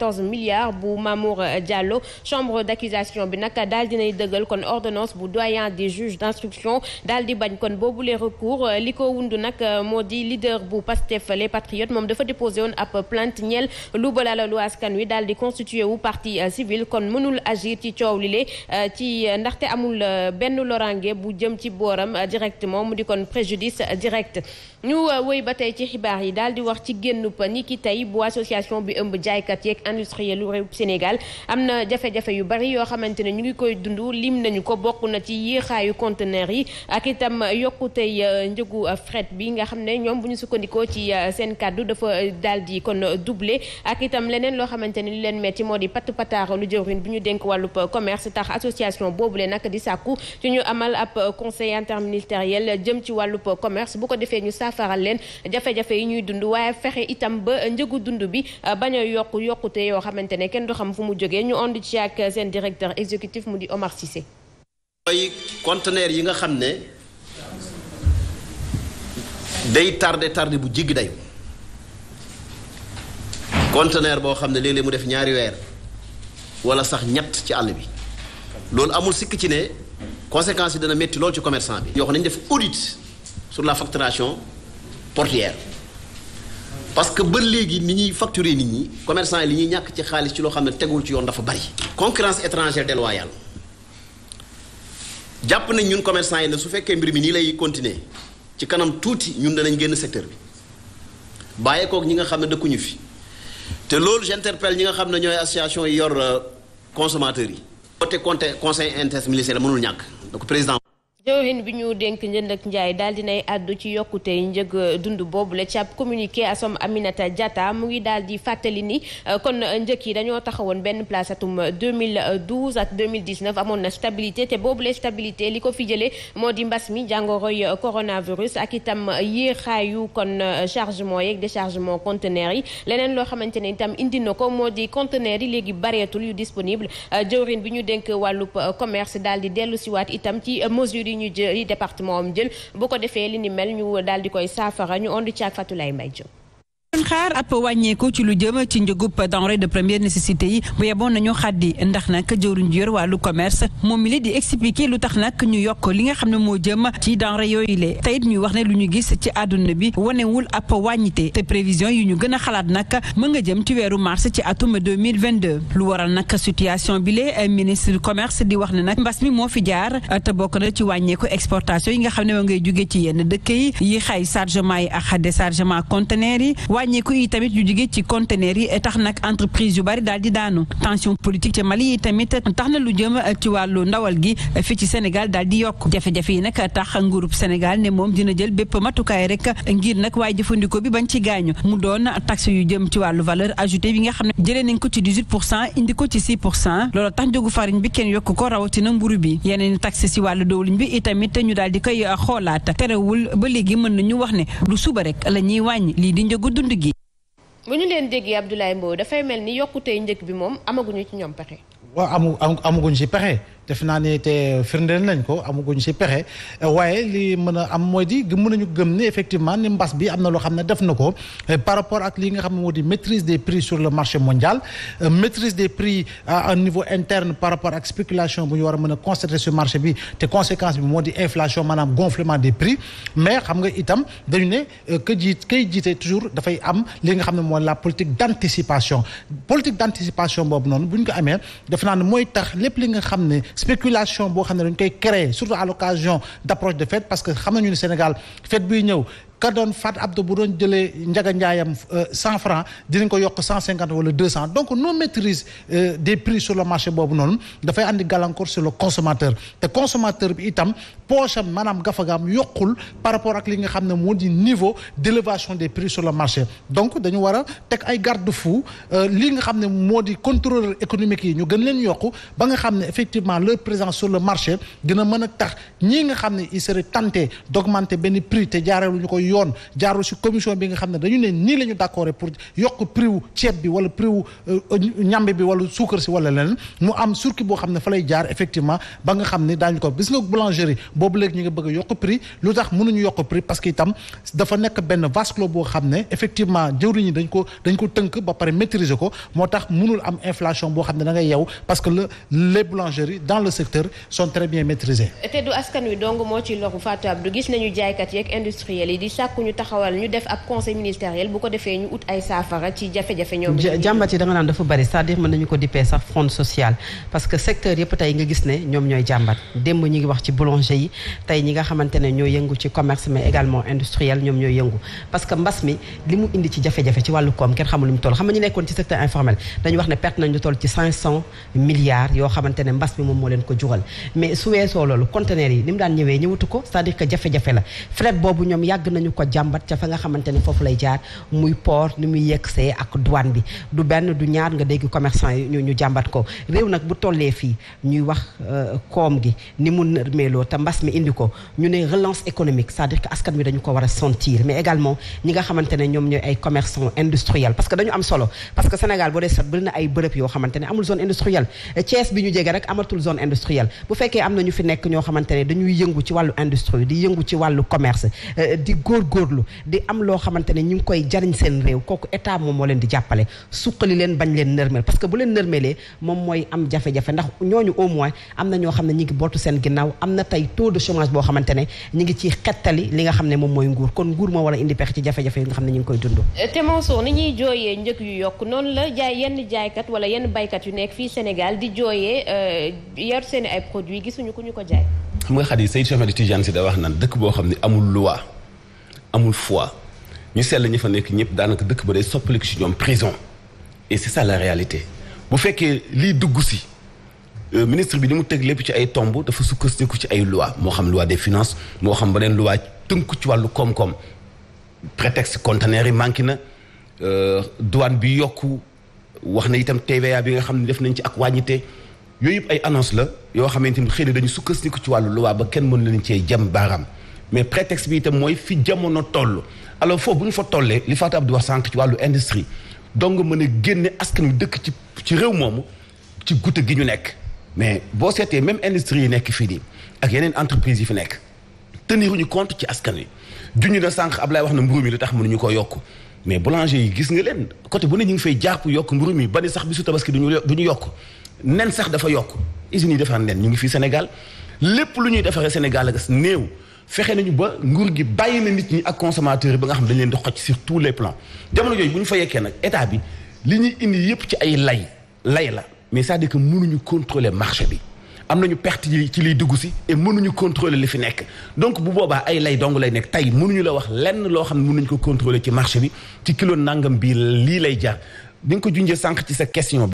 quatorze milliards bu Mamour euh, Diallo chambre d'accusation bi nag daal dinay dëggal kon ordonnance bu doyen des juges d'instruction daal di bañ kon boobu lee recours euh, li ko wund nag euh, moo di leader bu Pastef les moom dafa déposé woon ab plainte ñeel lu bala la lu kan wi daal di constitué wu partie civile kon mënul agir ci coow lile ci ndaxte amul benn lorange bu jëm ci booram directement mu di kon préjudice direct ñu wëy ba tey ci xibaar yi daal di wax ci génn pa tey bu association bi ëmb jaaykat yeeg industriel réew Sénégal am na jafe-jafe yu bari yoo xamante ne ñu ngi koy dund lim nañu ko bokk na ci yéexaayu conteneur yi ak itam yokkutey euh, njëgu euh, fret bi nga xam ne ñoom bu ñu sukkandikoo ci euh, seen kàddu dafa daal di kon doublé ak itam leneen loo xamante ni li leen metti moo di pat pataar lu jëwrin bu ñu dénk wàllub commerce tax association boobule nag di sàkku ci ñu amal ab conseil interministériel jëm ci wàllub commerce bu ko defee ñu saafaral leen jafe a yokku coppite yoo xamante ne kenn du xam fu mu jógee ñu ond ci ak seen directeur exécutif mu di Omar Cissé. mooy conteneur yi nga xam ne day tardé tardé bu jiggi day conteneur boo xam ne léeg mu def ñaari weer wala sax ñett ci àll bi loolu amul sikk ci ne conséquences yi dana métti lool ci commerçant bi. yoo xam def audit sur la facturation portière. parce que ba léegi ni ñuy facturer nit ñi commerçant yi li ñuy ñàkk ci xaalis ci loo xam ne tegu ci yoon dafa bari. concurrence étrangère déloyale jàpp nañ ñun commerçant yi ne su fekkee mbir mi nii lay continuer ci kanam tuuti ñun danañ génn secteur bi bàyyeekook ñi nga xam ne dëkkuñu fi te loolu j'interpelle ñi nga xam ne ñooy association yi yor euh, consommateurs yi. côté conseil interministériel mënul ñàkk donc président. jëwriñ bi ñu dénk jënd ak njaay daal dinay àddu ci yokkute njëg euh, dund boobu la ci ab communiqué asom Aminata jata mu ngi daal di fàttali ni euh, kon euh, njëg yi dañoo taxawoon benn place atum 2012 ak 2019 amoon na stabilité te boobu la stabilité li ko fi jëlee moo di mbas mi jàngoroy coronavirus ak itam yéexaayu kon chargement yeeg déchargement conteneurs yi leneen loo xamante ne itam indi na ko moo di conteneurs yi léegi bareetul yu disponible jëwriñ bi ñu dénk wàllub commerce daal di dellu itam ci yi ñu jë yi département am jël bu ko defee li ni mel ñu daal di koy saafara ñu ond ci ak Fatou Lay Mbaye Diop doon xaar wàññeeku ci lu jëm ci njëgub denrée de première nécessité yi bu yeboon nañu xaddi ndax nag jëwriñ ji yor wàllu commerce moom mi li di expliquer lu tax nag ñu yokk li nga xam ne moo jëm ci denrée yooyu le ñuy wax ne lu ñu gis ci àdduna bi wanewul ab wàññite te prévision yi ñu gën a xalaat nag mën nga jëm ci weeru mars ci atum 2022 lu waral nag situation bi le ministre du commerce di wax ne nag mbas mi moo fi jaar te bokk na ci wàññeeku exportation yi nga xam ne moo ngay jóge ci yenn dëkk yi yi xay chargement yi ak déchargement conteneur yi wàññeeku yi tamit yu jugee ci conteneur yi tax nag entreprise yu bari daal di daanu tension politique ci Mali yi tamit tax na lu jëm ci wàllu ndawal gi fii ci Sénégal daal di yokk jafe yi nag tax nguurub Sénégal ne moom dina jël bépp matukaay rek ngir nag waaye jëfandikoo bi bañ ci gaañu mu doon taxe yu jëm ci wàllu valeur ajoutée bi nga xam ne jëlee nañ ko ci 18 pour cent indi ko ci 6 pour cent loolu tax njëgu farine bi kenn yokk ko rawatina mburu bi yeneen taxe si wàllu dawlin bi itamit ñu daal di koy xoolaat terewul ba léegi mën nañu wax ne du suba rek la ñuy lii di njëgu dund bu ñu leen déggee Abdoulaye Mbow dafay mel ni yokkutey njëkk bi moom amaguñu ci ñoom pexe. waaw amu amaguñ ci paxe defe naa ne te firndeel nañ ko amaguñ si pexe waaye li mën a am mooy di mën nañu gëm ne effectivement ni mbas bi am na loo xam ne def na ko eh, par rapport ak li nga xam ne moo di maîtrise des prix sur le marché mondial eh, maîtrise des prix à niveau interne par rapport ak spéculation bu ñu war a mën a constater sur marché te conséquence bi moo di inflation maanaam gonflement des prix mais xam nga itam dañu ne eh, jiit kay jiite toujours dafay am li nga xam ne la politique d'anticipation politique d'anticipation boobu noonu bu ñu ko amee def naa ne mooy tax lépp li nga xam ne spéculation boo xam ne dañ koy créer surtout à l'occasion d'approche de fête parce que xam nañu ne Sénégal fête bu ñëw ka doon Fat Abdou bu doon jëlee njaga njaayam euh, cent franc dinañ ko yokk cent cinquante wala deux cent donc non maîtrise euh, des prix sur le marché boobu noonu dafay àndi gàllankoor sur le consommateur te consommateur bi itam poche am maanaam gafagaam yokkul par rapport ak li nga xam ne moo di niveau d'élévation des prix sur le marché donc dañu war a teg ay garde-fou euh, li nga xam ne moo di contrôleur économique yi ñu gën leen yokk ba nga xam ne effectivement leur présence sur le marché dina mën a tax ñii nga xam ne il serait tenté d'augmenter benn prix te jaareelu yoon jaarul si commission bi nga xam ne dañu ne nii la ñu d'accord pour yokk prix wu ceeb bi wala prix wu euh, suukar si wala leneen mu am circuit boo xam ne fa lay jaar effectivement ba nga xam ne daañu ko bis nga boulangerie boobu léegi ñu ngi bëgg a yokk prix lu tax mënuñu yokk prix parce que itam dafa nekk benn vase clos boo xam ne effectivement jëwriñ ñi dañ ko dañ ko tënk ba pare maîtriser ko moo tax mënul am inflation boo xam ne da ngay yew parce que le les boulangeries dans le secteur sont très bien maîtrisées. te du askan moo ci sàkku ñu taxawal ñu def ab conseil ministériel bu ko defee ñu ut ay saafara ci jafe-jafe ñoom jàmbat yi da nga naan dafa bari c'est-à-dire nañu ko dippee sax front social parce que secteur yëpp tey nga gis ne ñoom ñooy jàmbat démb ñi ngi wax ci boulanger yi tey ñi nga xamante ne ñoo yëngu ci commerce mais également industriel ñoom ñooy yëngu parce que mbas mi li mu indi ci jafe-jafe ci wàllu koom kenn xamul lu mu toll xam nga ñu nekkoon ci secteur informel moom moo leen ko ko c'est-à-dire que jafe-jafe la fret boobu ñu ko jàmbat ca fa nga xamante ne foofu lay jaar muy port ni muy yeggsee ak douane bi du benn du ñaar nga dégg commerçant yi ñu ñu jàmbat ko réew nag bu tollee fii ñuy wax euh, koom gi ni mu nërmeeloo te mbas mi indi ko ñu ne relance économique c'est-à-dire que askan wi dañu ko war a sentir mais également ñi nga xamante ne ñoom ñooy ay commerçant industriel parce que dañu am solo parce que Sénégal boo dee sat bëri na ay bërëb yoo xamante ne amul zone industrielle Thiès bi ñu jege rek amatul zone industrielle bu fekkee am na ñu fi nekk ñoo xamante ne dañuy yëngu ci wàllu industrie di yëngu ci wàllu commerce euh, di góor góorgóorlu di am loo xamante ne ñu ngi koy jariñ seen réew kooku état moom moo leen di jàppale suqali leen bañ leen nërmeel parce que bu leen nërmelee moom mooy am jafe-jafe ndax ñooñu au moins am na ñoo xam ne ñi ngi bootu seen ginnaaw am na tey taux de boo xamante ne ñi ngi ciy xettali xam ne moom mooy nguur kon nguur moo war a indi pexe ci ne koy dund euh, te Mansour ni ñuy jooyee njëg yu yokk noonu la jaay yenn jaaykat wala yenn baykat yu nekk fii Sénégal di jooyee euh, yor seen ay produits gisuñu ku ñu ko jaay xam nga xat yi Seydou Cheikh Ahmed Tidiane si da wax naan dëkk boo xam ne amul loi amul fois ñu sell ñi fa nekk ñëpp daanaka dëkk ba day soppaliku si ñoom prison et c'est ça la réalité bu fekkee lii dugg si euh, ministre bi ni mu teg lépp ci ay tomb dafa sukkandiku ci ay loi moo xam loi des finances moo xam ba beneen loi tënku ci wàllu koom-koom prétexte conteneur yi manqué na euh, douane bi yokk wax na itam TVA bi nga xam ne def nañ ci ak wàññite yooyu yëpp ay annonce la yoo xamante ni xëy na dañu sukkandiku ci wàllu loi ba kenn mën leen cee jëm baaraam mais prétexte bi itam mooy fi jamono toll alors foofu bu ñu fa tollee li fa Fatou di wax sànq ci wàllu industrie donc nga mën a génne askan wi dëkk ci ci réew moomu ci guddi gi ñu nekk mais boo seetee même industrie yi nekk fii nii ak yeneen entreprise yi fi nekk teniruñu compte ci askan wi junñu na sànq Ablaye wax na mburu mi lu tax mënuñu ko yokk mais boulanger yi gis nga leen côté bu ne ñu ngi fay jàpp yokk mburu mi ba ni sax bisu tabaski duñu du ñu yokk nen sax dafa yokk usines yi defar nen ñu ngi fii Sénégal lépp lu ñuy defaree Sénégal ak néew fexe nañu ba nguur gi bàyyi na nit ñi ak consommateur yi ba nga xam dañ leen di xoj sur le les plans jamono jooju bu ñu fa yekkee nag état bi li ñuy indi yépp ci ay lay lay la mais cest à que mënuñu contrôler marché bi am nañu perte yi ci liy dugg si et mënuñu contrôler li fi nekk donc bu boobaa ay lay dong lay nekk tey mënuñu la wax lenn loo xam ne mënuñu ko contrôler ci marché bi ci kilo nangam bii lii lay jar di nga ko junjee sànq ci sa question bi